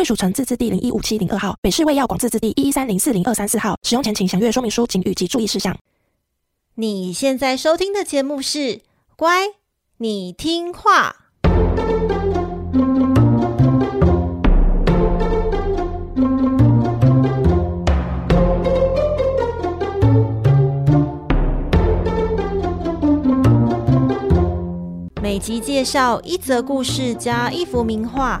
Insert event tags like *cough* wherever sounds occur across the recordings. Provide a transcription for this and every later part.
衛署成製字第零一五七零二號，北市衛藥廣字第一一三零四零二三四號。使用前請詳閱說明書警語及注意事項。你現在收聽的節目是《乖，你聽畫》。每集介紹一則故事加一幅名畫。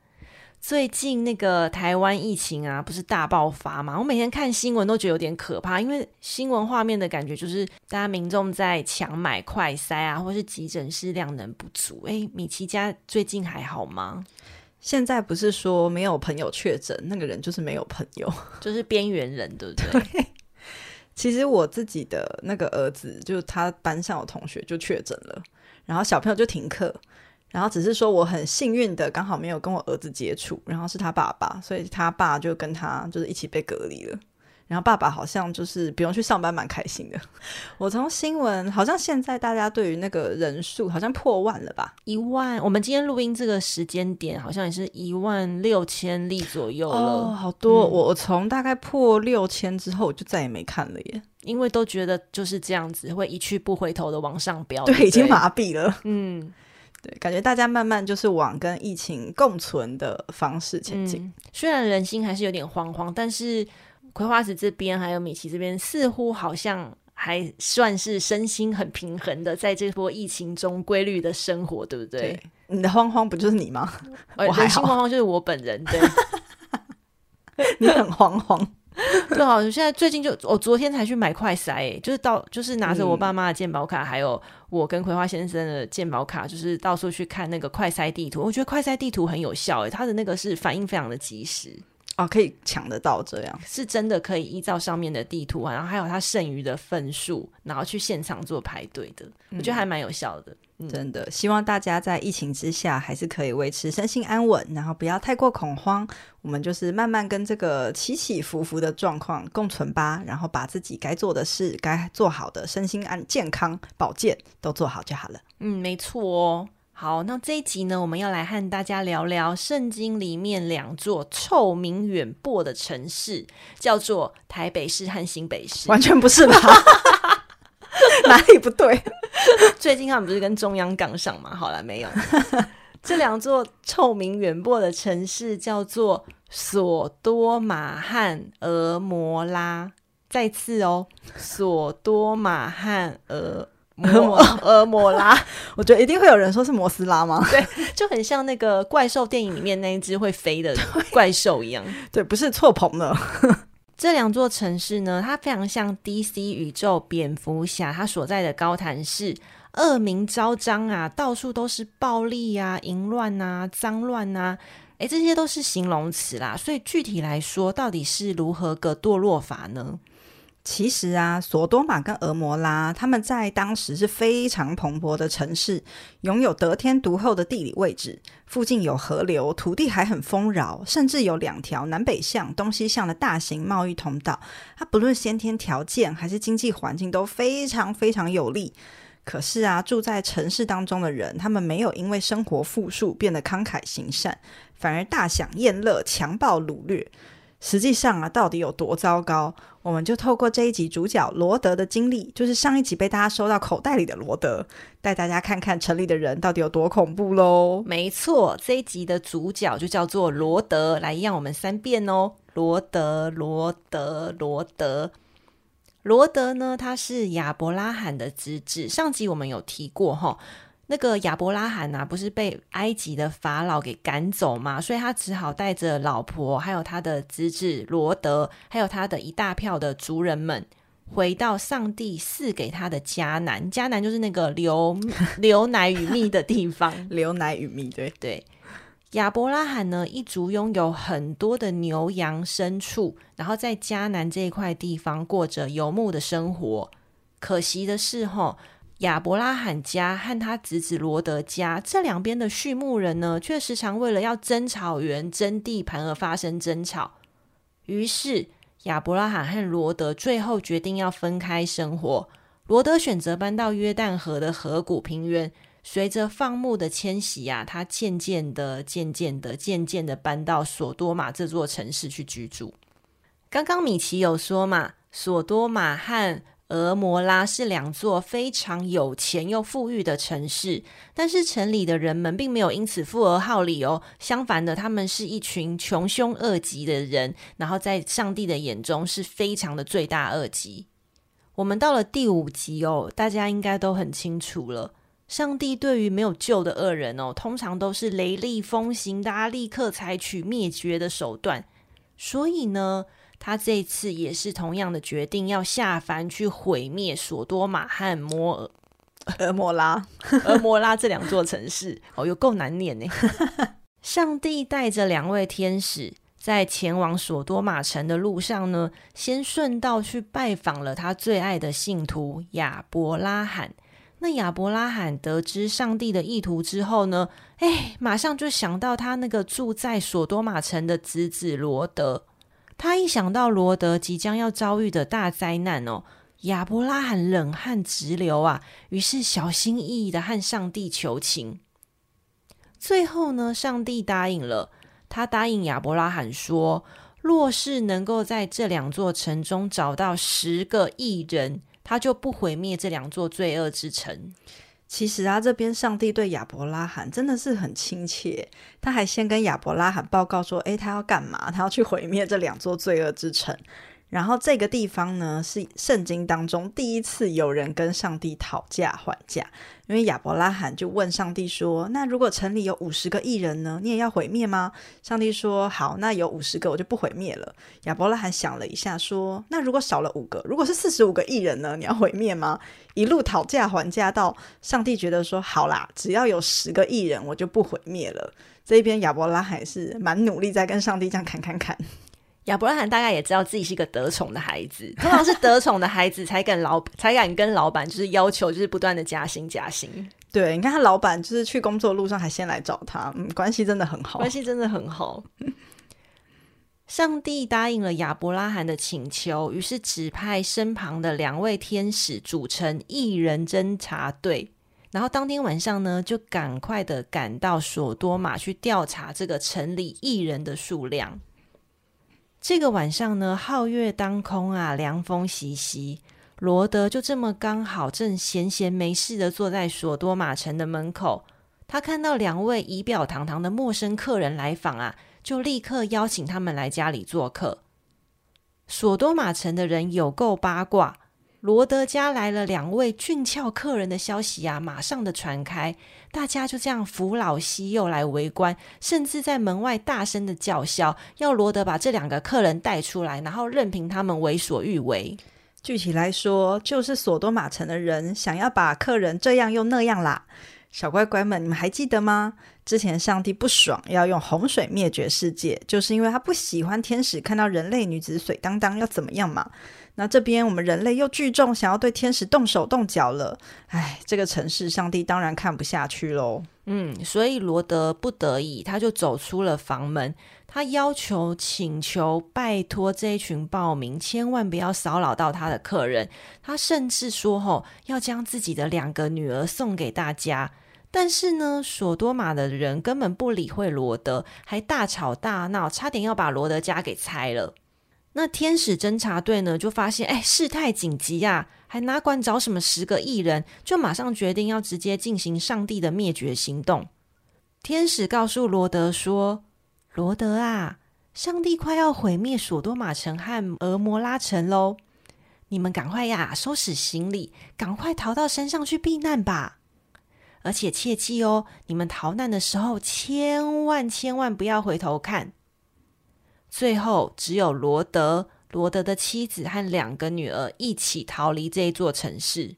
最近那個台灣疫情啊，不是大爆發嗎？我每天看新聞都覺得有點可怕，因為新聞畫面的感覺就是大家民眾在搶買快篩啊，或是急診室量能不足。哎，米奇家最近還好嗎？現在不是說沒有朋友確診，那個人就是沒有朋友，就是邊緣人，對不對，對？其實我自己的那個兒子，就是他班上的同學就確診了，然後小朋友就停課。然後只是說我很幸運的剛好沒有跟我兒子接觸，然後是他爸爸，所以他爸就跟他就是一起被隔離了。然後爸爸好像就是不用去上班，蠻開心的。我從新聞好像現在大家對於那個人數好像破萬了吧？一萬？我們今天錄音這個時間點好像也是一萬六千例左右了哦，好多！嗯、我從大概破六千之後，我就再也沒看了耶，因為都覺得就是這樣子會一去不回頭的往上飆。對，對，已經麻痹了。嗯。對，感覺大家慢慢就是往跟疫情共存的方式前進，嗯。雖然人心還是有點慌慌，但是葵花子這邊還有米奇這邊，似乎好像還算是身心很平衡的，在這波疫情中規律的生活，對不對？對，你的慌慌不就是你嗎？欸、我、欸、人心慌慌就是我本人，對， *laughs* 你很慌慌。 *laughs* 最 *laughs* 好，現在最近就我、哦、昨天才去買快篩，就是到就是拿着我爸媽的健保卡，嗯、還有我跟葵花先生的健保卡，就是到處去看那個快篩地圖。我覺得快篩地圖很有效誒，它的那個是反應非常的及時。哦，可以搶得到這樣，是真的可以依照上面的地圖，然後還有他剩餘的份數，然後去現場做排隊的。嗯、我覺得還蠻有效的，嗯、真的。希望大家在疫情之下，還是可以維持身心安穩，然後不要太過恐慌。我們就是慢慢跟這個起起伏伏的狀況共存吧，然後把自己該做的事、該做好的身心安健康保健都做好就好了。嗯，沒錯哦。好，那這一集呢，我們要來和大家聊聊聖經裡面兩座臭名遠播的城市，叫做台北市和新北市，完全不是吧？ *laughs* *laughs* 哪裡不對？ *laughs* 最近他們不是跟中央槓上嗎？好了，沒有。 *laughs* *laughs* 這兩座臭名遠播的城市叫做所多瑪和蛾摩拉，再次哦，所多瑪和蛾。摩摩魔、哦呃、拉， *laughs* 我覺得一定會有人說是摩斯拉嗎？對，就很像那個怪獸電影裡面那一隻會飛的怪獸一樣 *laughs* 對。對，不是錯棚的 *laughs* 這兩座城市呢，它非常像 DC 宇宙蝙蝠俠他所在的高譚市，惡名昭彰啊，到處都是暴力啊、淫亂啊、髒亂啊，哎、欸，這些都是形容詞啦。所以具體來說，到底是如何個墮落法呢？其實啊，所多瑪跟蛾摩拉他們在當時是非常蓬勃的城市，擁有得天獨厚的地理位置，附近有河流，土地還很豐饒，甚至有兩條南北向、東西向的大型貿易通道。它不論先天條件還是經濟環境都非常非常有利。可是啊，住在城市當中的人，他們沒有因為生活富庶變得慷慨行善，反而大享宴樂、強暴擄掠。實際上啊，到底有多糟糕？我們就透過這一集主角羅德的經歷，就是上一集被大家收到口袋裡的羅德，帶大家看看城裡的人到底有多恐怖嘍。沒錯，這一集的主角就叫做羅德，來讓我們三遍哦，羅德，羅德，羅德，羅德呢？他是亞伯拉罕的侄子上集我們有提過哈、哦。那個亞伯拉罕吶、啊，不是被埃及的法老給趕走嘛？所以他只好帶着老婆，還有他的侄子羅德，還有他的一大票的族人們，回到上帝賜給他的迦南。迦南就是那個流、流奶與蜜的地方。 *laughs* 流奶與蜜，對對。亞伯拉罕呢，一族擁有很多的牛羊牲畜，然後在迦南這一塊地方過着游牧的生活。可惜的是，吼！亞伯拉罕家和他侄子羅德家這兩邊的畜牧人呢，卻時常為了要爭草原、爭地盤而發生爭吵。於是亞伯拉罕和羅德最後決定要分開生活。羅德選擇搬到約旦河的河谷平原，隨着放牧的遷徙呀、啊，他漸漸的、漸漸的、漸漸的搬到所多瑪這座城市去居住。剛剛米奇有說嘛，所多瑪和，蛾摩拉是兩座非常有錢又富裕的城市，但是城裡的人們並沒有因此富而好禮哦，相反的，他們是一群窮兇惡極的人，然後在上帝的眼中是非常的罪大惡極。我們到了第五集哦，大家應該都很清楚了，上帝對於沒有救的惡人哦，通常都是雷厲風行，大家立刻採取滅絕的手段，所以呢。他這次也是同樣的決定，要下凡去毀滅所多瑪和摩爾、蛾摩拉、 *laughs* 蛾摩拉這兩座城市。 *laughs* 哦，有夠難念呢。 *laughs* 上帝帶着兩位天使在前往所多瑪城的路上呢，先順道去拜訪了他最愛的信徒亞伯拉罕。那亞伯拉罕得知上帝的意圖之後呢，哎，馬上就想到他那個住在所多瑪城的姪子羅德。他一想到羅德即將要遭遇的大災難哦，亞伯拉罕冷汗直流啊！於是小心翼翼的和上帝求情。最後呢，上帝答應了，他答應亞伯拉罕說，若是能夠在這兩座城中找到十個義人，他就不毀滅這兩座罪惡之城。其實啊，這邊上帝對亞伯拉罕真的是很親切，他還先跟亞伯拉罕報告說：“誒，他要幹嘛？他要去毀滅這兩座罪惡之城。”然後這個地方呢，是聖經當中第一次有人跟上帝討價還價，因為亞伯拉罕就問上帝說：“那如果城裡有五十個義人呢，你也要毀滅嗎？”上帝說：“好，那有五十個我就不毀滅了。”亞伯拉罕想了一下說：“那如果少了五個，如果是四十五個義人呢，你要毀滅嗎？”一路討價還價到上帝覺得說：“好啦，只要有十個義人，我就不毀滅了。”這邊亞伯拉罕是蠻努力在跟上帝這樣砍砍砍。亞伯拉罕大概也知道自己是一個得寵的孩子，通常是得寵的孩子才敢老 *laughs* 才敢跟老闆，就是要求就是不斷的加薪加薪。對，你看他老闆就是去工作路上還先來找他，嗯，關係真的很好，關係真的很好。 *laughs* 上帝答應了亞伯拉罕的請求，於是指派身旁的兩位天使組成義人偵察隊，然後當天晚上呢就趕快的趕到所多瑪去調查這個城裡義人的數量。這個晚上呢，皓月當空啊，涼風習習。羅德就這麼剛好正閒閒沒事的坐在所多瑪城的門口，他看到兩位儀表堂堂的陌生客人來訪啊，就立刻邀請他們來家裡做客。所多瑪城的人有夠八卦。羅德家來了兩位俊俏客人的消息啊，馬上的傳開，大家就這樣扶老攜幼來圍觀，甚至在門外大聲的叫囂，要羅德把這兩個客人帶出來，然後任憑他們為所欲為。具體來說，就是所多瑪城的人想要把客人這樣又那樣啦。小乖乖們，你們還記得嗎？之前上帝不爽，要用洪水滅絕世界，就是因為他不喜歡天使看到人類女子水當當要怎麼樣嘛。那這邊我們人類又聚眾想要對天使動手動腳了，哎，這個城市上帝當然看不下去嘍。嗯，所以羅德不得已，他就走出了房門。他要求、請求、拜託這一群暴民，千萬不要騷擾到他的客人。他甚至說、哦：“吼，要將自己的兩個女兒送給大家。”但是呢，所多瑪的人根本不理會羅德，還大吵大鬧，差點要把羅德家給拆了。那天使偵察隊呢，就發現，哎，事態緊急呀、啊，還哪管找什麼十個義人，就馬上決定要直接進行上帝的滅絕行動。天使告訴羅德說：“羅德啊，上帝快要毀滅所多瑪城和蛾摩拉城嘍，你們趕快呀、啊，收拾行李，趕快逃到山上去避難吧。”而且切記哦，你們逃難的時候，千萬千萬不要回頭看。最後，只有羅德、羅德的妻子和兩個女兒一起逃離這一座城市。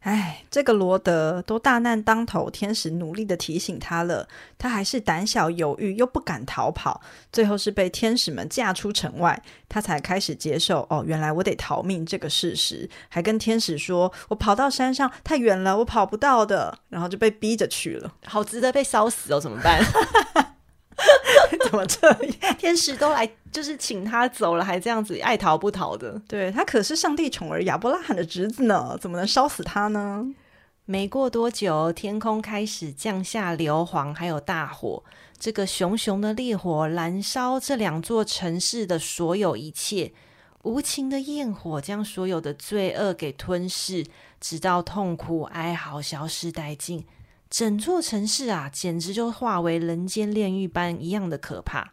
哎，這個羅德都大難當頭，天使努力地提醒他了，他還是膽小猶豫，又不敢逃跑，最後是被天使們架出城外，他才開始接受哦，原來我得逃命這個事實，還跟天使說，我跑到山上太遠了，我跑不到的，然後就被逼着去了，好值得被燒死哦，怎麼辦？ *laughs* *laughs* 怎麼這樣？ *laughs* 天使都來就是請他走了，還這樣子愛逃不逃的？對，他可是上帝寵兒亞伯拉罕的侄子呢，怎麼能燒死他呢？沒過多久，天空開始降下硫磺，還有大火。這個熊熊的烈火燃燒這兩座城市的所有一切，無情的焰火將所有的罪惡給吞噬，直到痛苦哀嚎消失殆盡。整座城市啊，簡直就化為人間煉獄般一樣的可怕。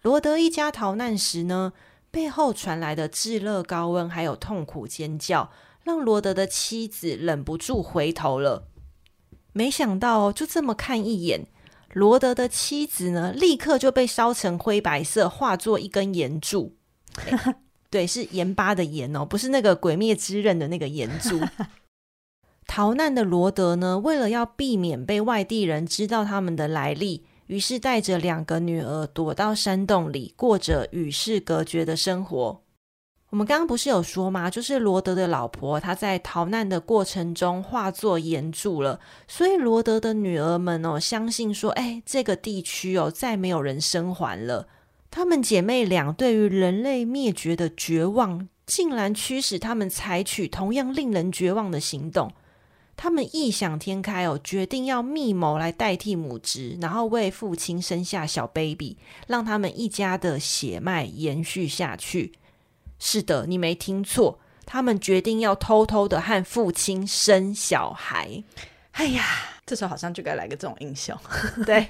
羅德一家逃難時呢，背後傳來的炙熱高溫，還有痛苦尖叫，讓羅德的妻子忍不住回頭了。沒想到、哦，就這麼看一眼，羅德的妻子呢，立刻就被燒成灰白色，化作一根鹽柱。欸、 *laughs* 對，是鹽巴的鹽哦，不是那個鬼滅之刃的那個鹽柱。逃難的羅德呢，為了要避免被外地人知道他們的來歷，於是帶着兩個女兒躲到山洞裡，過着與世隔絕的生活。我們剛剛不是有說嗎？就是羅德的老婆，她在逃難的過程中化作岩柱了。所以羅德的女兒們哦，相信說，哎，這個地區哦，再沒有人生還了。她們姐妹倆對於人類滅絕的絕望，竟然驅使她們採取同樣令人絕望的行動。他們異想天開哦，決定要密謀來代替母職，然後為父親生下小 baby，讓他們一家的血脈延續下去。是的，你沒聽錯，他們決定要偷偷的和父親生小孩。哎呀，這時候好像就該來個這種音效。 *laughs* 對，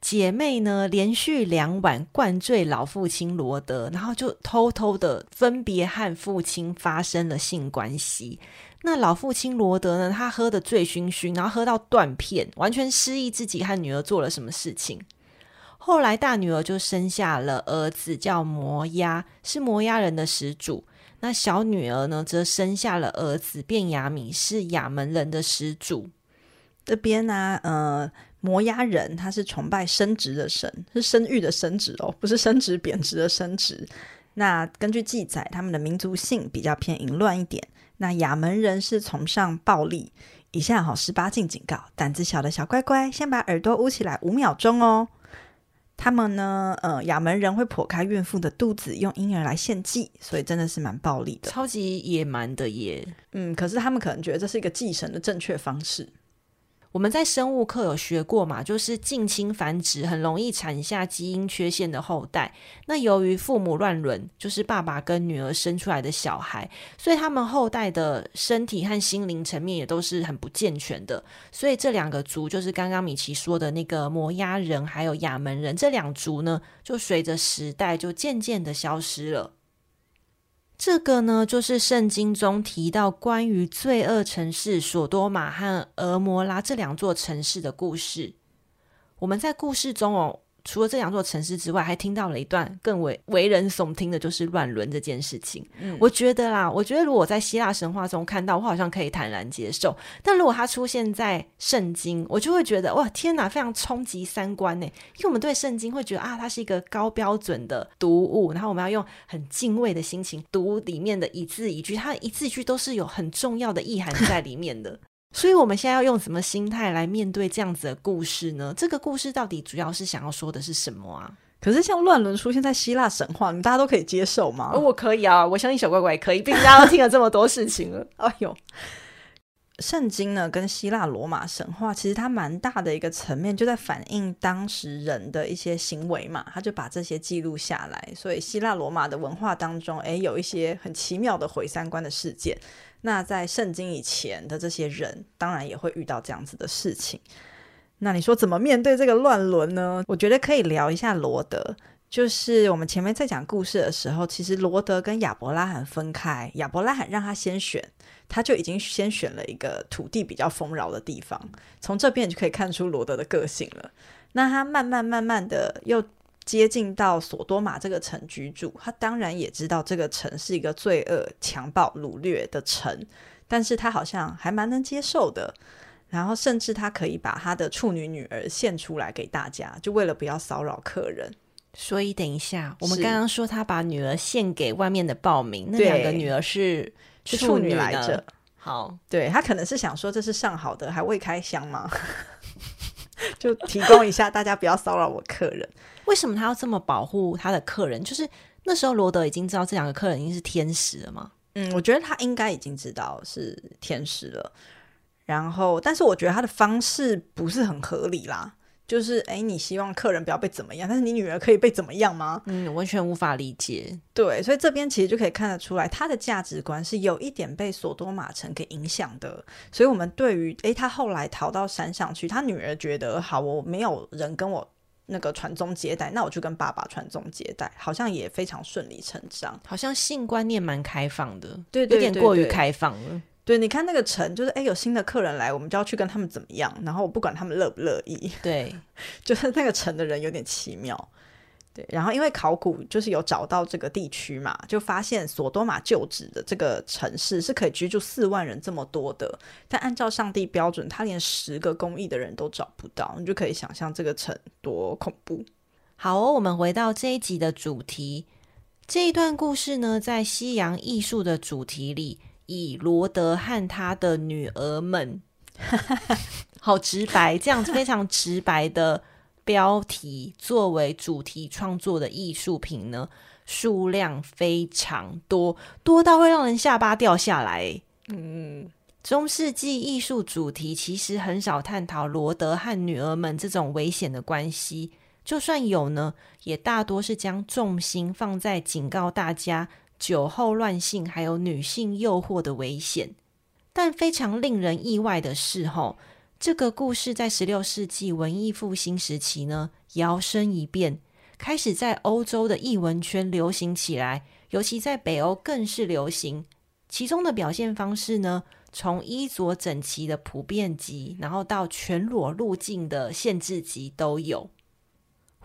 姐妹呢連續兩晚灌醉老父親羅德，然後就偷偷的分別和父親發生了性關係。那老父親羅德呢？他喝得醉醺醺，然後喝到斷片，完全失憶自己和女兒做了什麼事情。後來大女兒就生下了兒子，叫摩押，是摩押人的始祖。那小女兒呢，則生下了兒子，便亞米，是亞捫人的始祖。這邊呢、啊，呃，摩押人他是崇拜生殖的神，是生育的生殖哦，不是生殖貶值的生殖。那根據記載，他們的民族性比較偏淫亂一點。那亞捫人是崇尚暴力，以下好十八禁警告，膽子小的小乖乖，先把耳朵捂起來五秒鐘哦。他們呢，呃，亞捫人會剖開孕婦的肚子，用嬰兒來獻祭，所以真的是蠻暴力的，超級野蠻的耶。嗯，可是他們可能覺得這是一個祭神的正確方式。我們在生物課有學過嘛，就是近親繁殖很容易產下基因缺陷的後代。那由於父母亂倫，就是爸爸跟女兒生出來的小孩，所以他們後代的身體和心靈層面也都是很不健全的。所以這兩個族，就是剛剛米奇說的那個摩押人還有亞捫人，這兩族呢，就隨着時代就漸漸的消失了。這個呢，就是聖經中提到關於罪惡城市所多瑪和蛾摩拉這兩座城市的故事。我們在故事中哦。除了這兩座城市之外，還聽到了一段更為為人聳聽的，就是亂倫這件事情。嗯、我覺得啦，我覺得如果我在希臘神話中看到，我好像可以坦然接受；但如果它出現在聖經，我就會覺得哇，天哪，非常衝擊三觀呢。因為我們對聖經會覺得啊，它是一個高標準的讀物，然後我們要用很敬畏的心情讀裡面的一字一句，它一字一句都是有很重要的意涵在裡面的。 *laughs* 所以，我們現在要用什麼心態來面對這樣子的故事呢？這個故事到底主要是想要說的是什麼啊？可是，像亂倫出現在希臘神話，你大家都可以接受嗎？哦，我可以啊，我相信小乖乖也可以，畢竟大家都聽了這麼多事情了。 *laughs* 哎呦，聖經呢，跟希臘羅馬神話其實它蠻大的一個層面，就在反映當時人的一些行為嘛，他就把這些記錄下來。所以，希臘羅馬的文化當中，誒，有一些很奇妙的毀三觀的事件。那在聖經以前的這些人，當然也會遇到這樣子的事情。那你說怎麼面對這個亂倫呢？我覺得可以聊一下羅德，就是我們前面在講故事的時候，其實羅德跟亞伯拉罕分開，亞伯拉罕讓他先選，他就已經先選了一個土地比較豐饒的地方。從這邊就可以看出羅德的個性了。那他慢慢慢慢的又。接近到所多瑪這個城居住，他當然也知道這個城是一個罪惡、強暴、擄掠的城，但是他好像還蠻能接受的。然後甚至他可以把他的處女女兒獻出來給大家，就為了不要騷擾客人。所以等一下，是我們剛剛說他把女兒獻給外面的暴民，對那兩個女兒是處女,處女來着。好，對，他可能是想說這是上好的，還未開箱嗎？ *laughs* *laughs* 就提供一下，大家不要騷擾我客人。為什麼他要這麼保護他的客人？就是那時候羅德已經知道這兩個客人已經是天使了嗎？嗯，我覺得他應該已經知道是天使了。然後，但是我覺得他的方式不是很合理啦。就是哎，你希望客人不要被怎麼樣，但是你女兒可以被怎麼樣嗎？嗯，完全無法理解。對，所以這邊其實就可以看得出來，他的價值觀是有一點被所多瑪城給影響的。所以我們對於哎，他後來逃到山上去，他女兒覺得好，我沒有人跟我那個傳宗接代，那我就跟爸爸傳宗接代，好像也非常順理成章，好像性觀念蠻開放的，對，對，對，對，有點過於開放了。對，你看那個城，就是哎，有新的客人來，我們就要去跟他們怎麼樣？然後我不管他們樂不樂意。對， *laughs* 就是那個城的人有點奇妙。對，然後因為考古就是有找到這個地區嘛，就發現所多瑪舊址的這個城市是可以居住四萬人這麼多的，但按照上帝標準，他連十個公義的人都找不到，你就可以想象這個城多恐怖。好哦，我們回到這一集的主題，這一段故事呢，在西洋藝術的主題裡。以羅德和他的女兒們， *laughs* 好直白，這樣非常直白的標題， *laughs* 作為主題創作的藝術品呢，數量非常多，多到會讓人下巴掉下來。嗯，中世紀藝術主題其實很少探討羅德和女兒們這種危險的關係，就算有呢，也大多是將重心放在警告大家。酒後亂性，還有女性誘惑的危險，但非常令人意外的是，吼，這個故事在十六世紀文藝復興時期呢，搖身一變，開始在歐洲的藝文圈流行起來，尤其在北歐更是流行。其中的表現方式呢，從衣着整齊的普遍級，然後到全裸入鏡的限制級都有。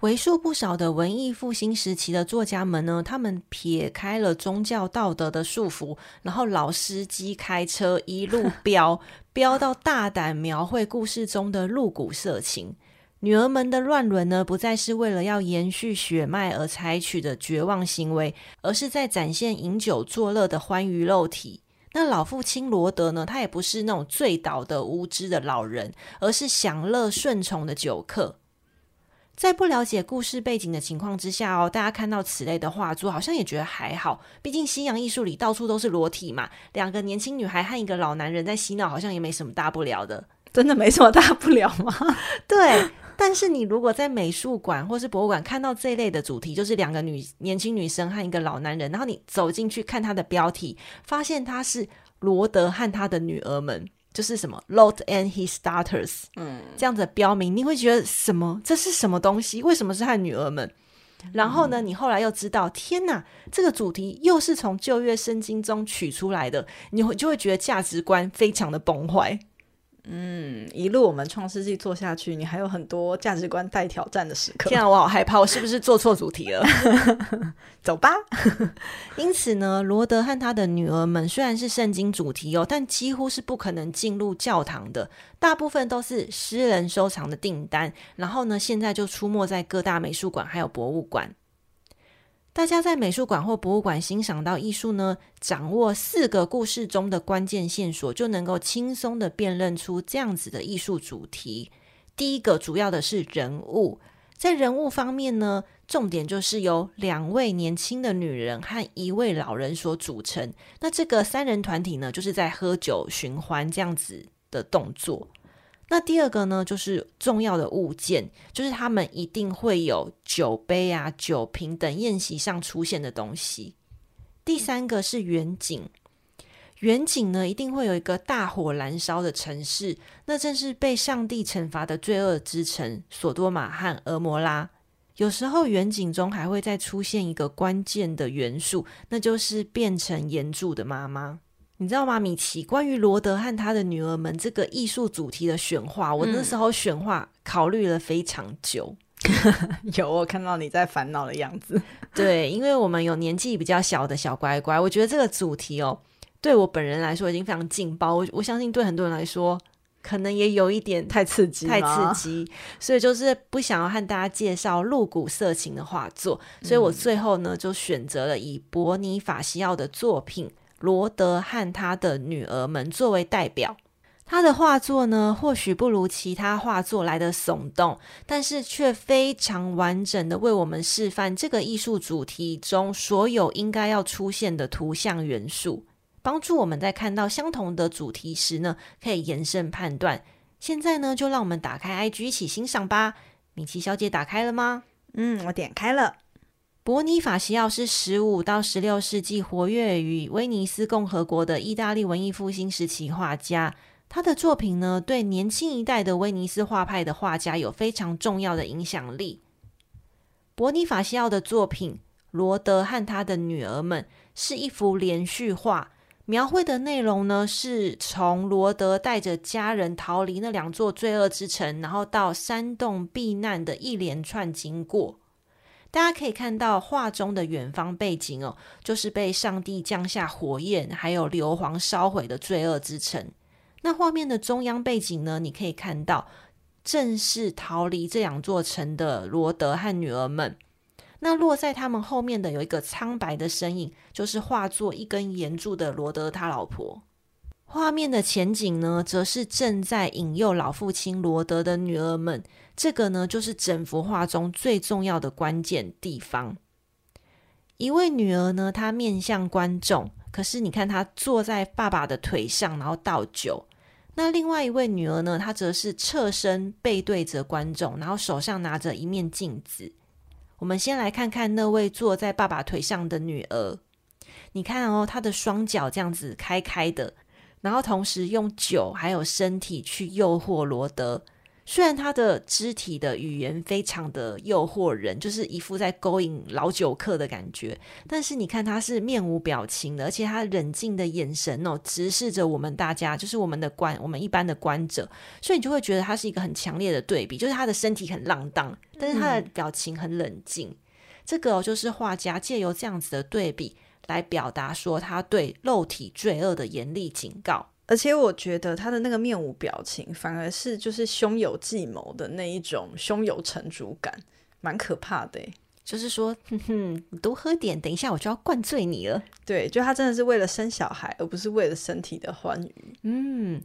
為數不少的文藝復興時期的作家們呢，他們撇開了宗教道德的束縛，然後老司機開車一路飆，飆到大膽描繪故事中的露骨色情。女兒們的亂倫呢，不再是為了要延續血脈而採取的絕望行為，而是在展現飲酒作樂的歡愉肉體。那老父親羅德呢，他也不是那種醉倒的無知的老人，而是享樂順從的酒客。在不了解故事背景的情況之下哦，大家看到此類的畫作，好像也覺得還好。畢竟西洋藝術裡到處都是裸體嘛，兩個年輕女孩和一個老男人在洗腦，好像也沒什麼大不了的。真的沒什麼大不了嗎？ *laughs* 對。但是你如果在美術館或是博物館看到這一類的主題，就是兩個女年輕女生和一個老男人，然後你走進去看他的標題，發現他是羅德和他的女兒們。就是什麼 Lot and his daughters，這樣子的標明，嗯、你會覺得什麼？這是什麼東西？為什麼是他女兒們？然後呢，嗯、你後來又知道，天哪，這個主題又是從舊約聖經中取出來的，你會就會覺得價值觀非常的崩壞。嗯，一路我們創世紀做下去，你還有很多價值觀待挑戰的時刻。天啊，我好害怕，我是不是做錯主題了？ *laughs* 走吧。 *laughs* 因此呢，羅德和他的女兒們雖然是聖經主題哦，但幾乎是不可能進入教堂的，大部分都是私人收藏的訂單。然後呢，現在就出沒在各大美術館還有博物館。大家在美術館或博物館欣賞到藝術呢，掌握四個故事中的關鍵線索，就能夠輕鬆地辨認出這樣子的藝術主題。第一個主要的是人物，在人物方面呢，重點就是由兩位年輕的女人和一位老人所組成。那這個三人團體呢，就是在喝酒尋歡這樣子的動作。那第二個呢，就是重要的物件，就是他們一定會有酒杯啊、酒瓶等宴席上出現的東西。第三個是遠景，遠景呢一定會有一個大火燃燒的城市，那正是被上帝懲罰的罪惡之城——所多瑪和蛾摩拉。有時候遠景中還會再出現一個關鍵的元素，那就是變成鹽柱的媽媽。你知道嗎，米奇？關於羅德和他的女兒們這個藝術主題的選畫，我那時候選畫考慮了非常久。嗯、 *laughs* 有我看到你在煩惱的樣子， *laughs* 對，因為我們有年紀比較小的小乖乖，我覺得這個主題哦、喔，對我本人來說已經非常勁爆。我我相信對很多人來說，可能也有一點太刺激，太刺激，所以就是不想要和大家介紹露骨色情的畫作，所以我最後呢，就選擇了以博尼法齊奧的作品。嗯羅德和他的女兒們作為代表，他的畫作呢，或許不如其他畫作來得聳動，但是卻非常完整的為我們示範這個藝術主題中所有應該要出現的圖像元素，幫助我們在看到相同的主題時呢，可以延伸判斷。現在呢，就讓我們打開 IG 一起欣賞吧。米奇小姐打開了嗎？嗯，我點開了。博尼法齊奧是十五到十六世紀活躍於威尼斯共和國的意大利文藝復興時期畫家。他的作品呢，對年輕一代的威尼斯畫派的畫家有非常重要的影響力。博尼法齊奧的作品《羅德和他的女兒們》是一幅連續畫，描繪的內容呢，是從羅德帶着家人逃離那兩座罪惡之城，然後到山洞避難的一連串經過。大家可以看到畫中的遠方背景哦，就是被上帝降下火焰還有硫磺燒毀的罪惡之城。那畫面的中央背景呢，你可以看到正是逃離這兩座城的羅德和女兒們。那落在他們後面的有一個蒼白的身影，就是化作一根鹽柱的羅德他老婆。畫面的前景呢，則是正在引誘老父親羅德的女兒們。這個呢，就是整幅畫中最重要的關鍵地方。一位女兒呢，她面向觀眾，可是你看她坐在爸爸的腿上，然後倒酒。那另外一位女兒呢，她則是側身背對着觀眾，然後手上拿着一面鏡子。我們先來看看那位坐在爸爸腿上的女兒。你看哦，她的雙腳這樣子開開的。然後同時用酒還有身體去誘惑羅德，雖然他的肢體的語言非常的誘惑人，就是一副在勾引老酒客的感覺，但是你看他是面無表情的，而且他冷靜的眼神哦，直視着我們大家，就是我們的觀，我們一般的觀者，所以你就會覺得他是一個很強烈的對比，就是他的身體很浪蕩，但是他的表情很冷靜。嗯、這個、哦、就是畫家借由這樣子的對比。來表達說他對肉體罪惡的嚴厲警告，而且我覺得他的那個面無表情，反而是就是胸有計謀的那一種胸有成竹感，蠻可怕的。就是說，哼哼，你多喝點，等一下我就要灌醉你了。對，就他真的是為了生小孩，而不是為了身體的歡愉。嗯。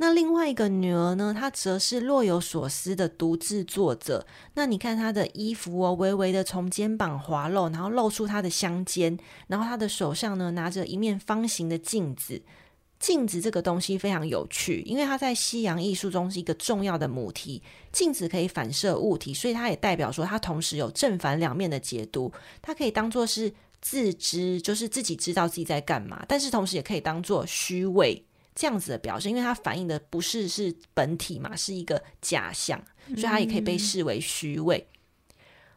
那另外一個女兒呢？她則是若有所思的獨自坐着。那你看她的衣服哦，微微的從肩膀滑落，然後露出她的香肩。然後她的手上呢，拿着一面方形的鏡子。鏡子這個東西非常有趣，因為它在西洋藝術中是一個重要的母題。鏡子可以反射物體，所以它也代表說它同時有正反兩面的解讀。它可以當做是自知，就是自己知道自己在幹嘛，但是同時也可以當做虛偽。這樣子的表示，因為它反映的不是是本體嘛，是一個假象，所以它也可以被視為虛偽。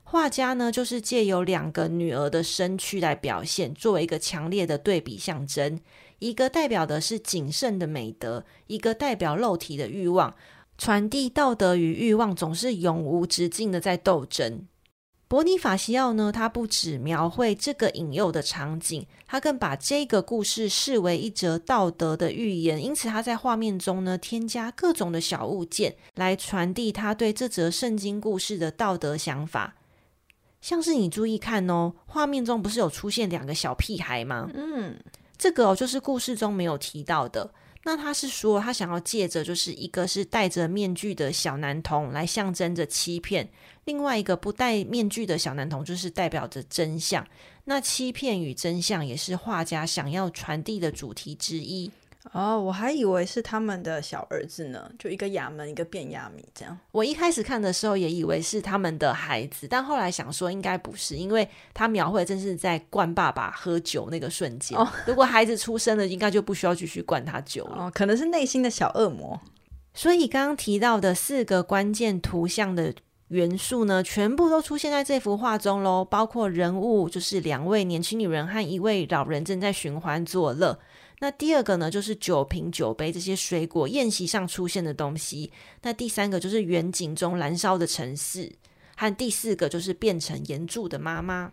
畫、嗯、家呢，就是借由兩個女兒的身軀來表現，作為一個強烈的對比象徵，一個代表的是謹慎的美德，一個代表肉體的慾望，傳遞道德與慾望總是永無止境的在鬥爭。博尼法齊奧呢，他不只描繪這個引誘的場景，他更把這個故事視為一則道德的寓言。因此，他在畫面中呢，添加各種的小物件，來傳遞他對這則聖經故事的道德想法。像是你注意看哦，畫面中不是有出現兩個小屁孩嗎？嗯，這個、哦、就是故事中沒有提到的。那他是說，他想要借着就是一個是戴着面具的小男童來象徵着欺騙。另外一個不戴面具的小男童，就是代表着真相。那欺騙與真相也是畫家想要傳遞的主題之一。哦，我還以為是他們的小兒子呢，就一個亞捫，一個便亞米這樣。我一開始看的時候也以為是他們的孩子，但後來想說應該不是，因為他描繪正是在灌爸爸喝酒那個瞬間。哦、如果孩子出生了，應該就不需要繼續灌他酒了。哦、可能是內心的小惡魔。所以剛剛提到的四個關鍵圖像的元素呢，全部都出現在這幅畫中嘍，包括人物，就是兩位年輕女人和一位老人正在尋歡作樂。那第二個呢，就是酒瓶、酒杯這些水果宴席上出現的東西。那第三個就是遠景中燃燒的城市，和第四個就是變成鹽柱的媽媽。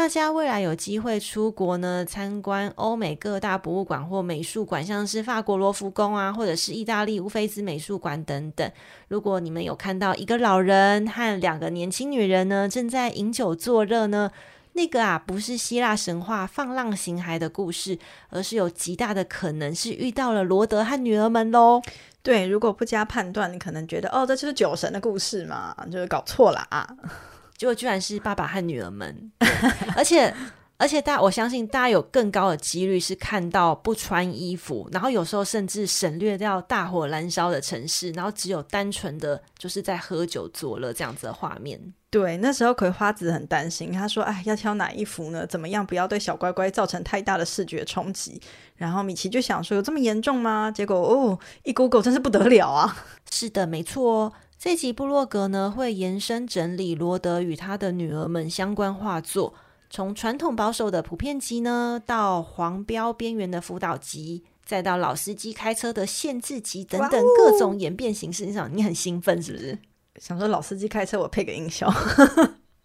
大家未來有機會出國呢，參觀歐美各大博物館或美術館，像是法國羅浮宮啊，或者是意大利烏菲茲美術館等等。如果你們有看到一個老人和兩個年輕女人呢，正在飲酒作樂呢，那個啊，不是希臘神話放浪形骸的故事，而是有極大的可能是遇到了羅德和女兒們嘍。對，如果不加判斷，你可能覺得哦，這就是酒神的故事嘛，就是搞錯了啊。結果居然是爸爸和女兒們， *laughs* 而且而且大我相信大家有更高的幾率是看到不穿衣服，然後有時候甚至省略掉大火燃燒的城市，然後只有單純的就是在喝酒作樂這樣子的畫面。對，那時候葵花子很擔心，他說：“哎，要挑哪一幅呢？怎麼樣不要對小乖乖造成太大的視覺衝擊？”然後米奇就想說：“有這麼嚴重嗎？”結果哦，一 Google 真是不得了啊！是的，沒錯哦。這集部落格呢會延伸整理羅德與他的女兒們相關畫作，從傳統保守的普遍級呢，到黃標邊緣的輔導級，再到老司機開車的限制級等等各種演變形式。你想，你很興奮是不是？哦、想說老司機開車，我配個音效。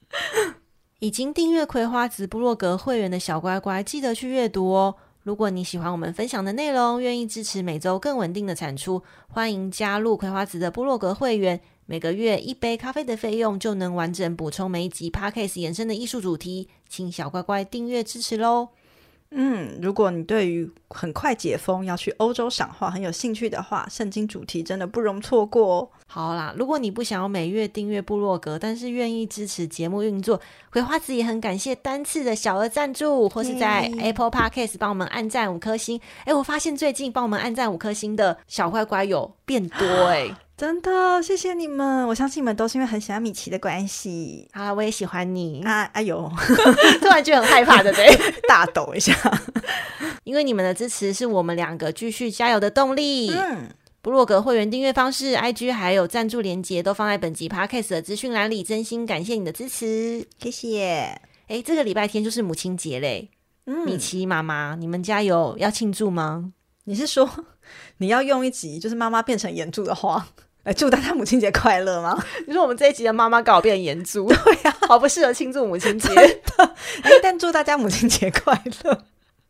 *laughs* 已經訂閱葵花子部落格會員的小乖乖，記得去閱讀哦。如果你喜歡我們分享的內容，願意支持每周更穩定的產出，歡迎加入葵花子的部落格會員，每個月一杯咖啡的費用就能完整補充每一集 Podcast 延伸的藝術主題，請小乖乖訂閱支持嘍！嗯，如果你對於很快解封要去歐洲賞畫很有興趣的話，聖經主題真的不容錯過哦。好啦，如果你不想要每月訂閱部落格，但是願意支持節目運作，葵花子也很感謝單次的小額贊助，或是在 Apple Podcast 幫我們按讚五顆星。哎 Yeah、欸，我發現最近幫我們按讚五顆星的小乖乖有變多、欸 *laughs* 真的，謝謝你們！我相信你們都是因為很喜歡米奇的關係。好、啊，我也喜歡你啊！哎呦，突然就很害怕的，對， *laughs* 大抖一下。因為你們的支持是我們兩個繼續加油的動力。部落格會員訂閱方式、IG 還有贊助連結都放在本集 Podcast 的資訊欄裡。真心感謝你的支持，謝謝。哎、欸，這個禮拜天就是母親節嘞，嗯、米奇媽媽，你們加油要慶祝嗎？你是說你要用一集就是媽媽變成鹽柱的話。哎，祝大家母親節快樂嗎？你說我們這一集的媽媽剛好變鹽柱。對呀、啊，好不適合慶祝母親節。的哎，但祝大家母親節快樂。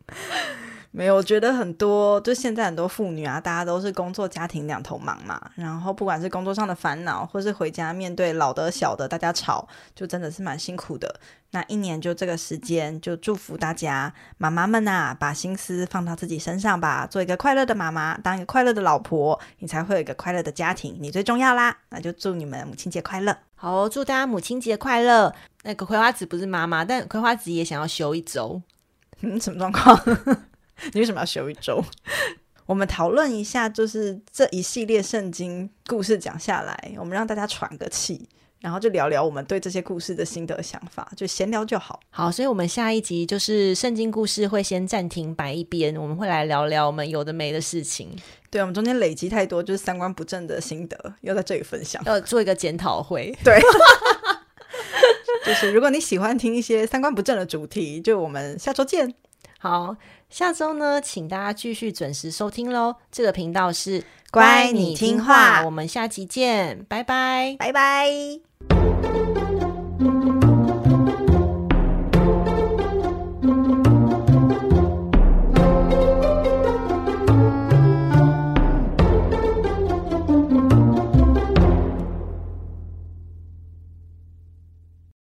*laughs* 沒有，我覺得很多，就現在很多婦女啊，大家都是工作家庭兩頭忙嘛。然後不管是工作上的煩惱，或是回家面對老的小的，大家吵，就真的是蠻辛苦的。那一年就這個時間，就祝福大家媽媽們吶、啊，把心思放到自己身上吧，做一個快樂的媽媽，當一個快樂的老婆，你才會有一個快樂的家庭。你最重要啦，那就祝你們母親節快樂。好，祝大家母親節快樂。那個葵花子不是媽媽，但葵花子也想要休一周。嗯，什麼狀況？ *laughs* 你為什麼要休一周？我們討論一下，就是這一系列聖經故事講下來，我們讓大家喘個氣，然後就聊聊我們對這些故事的心得想法，就閒聊就好。好，所以，我們下一集就是聖經故事會先暫停擺一邊，我們會來聊聊我們有的沒的事情。對，我們中間累積太多就是三觀不正的心得，要在這裡分享，要做一個檢討會。對， *laughs* 就是如果你喜歡聽一些三觀不正的主題，就我們下周見。好，下週呢，請大家繼續準時收聽嘍。這個頻道是乖，你聽畫。聽畫，我們下期見，拜拜，拜拜。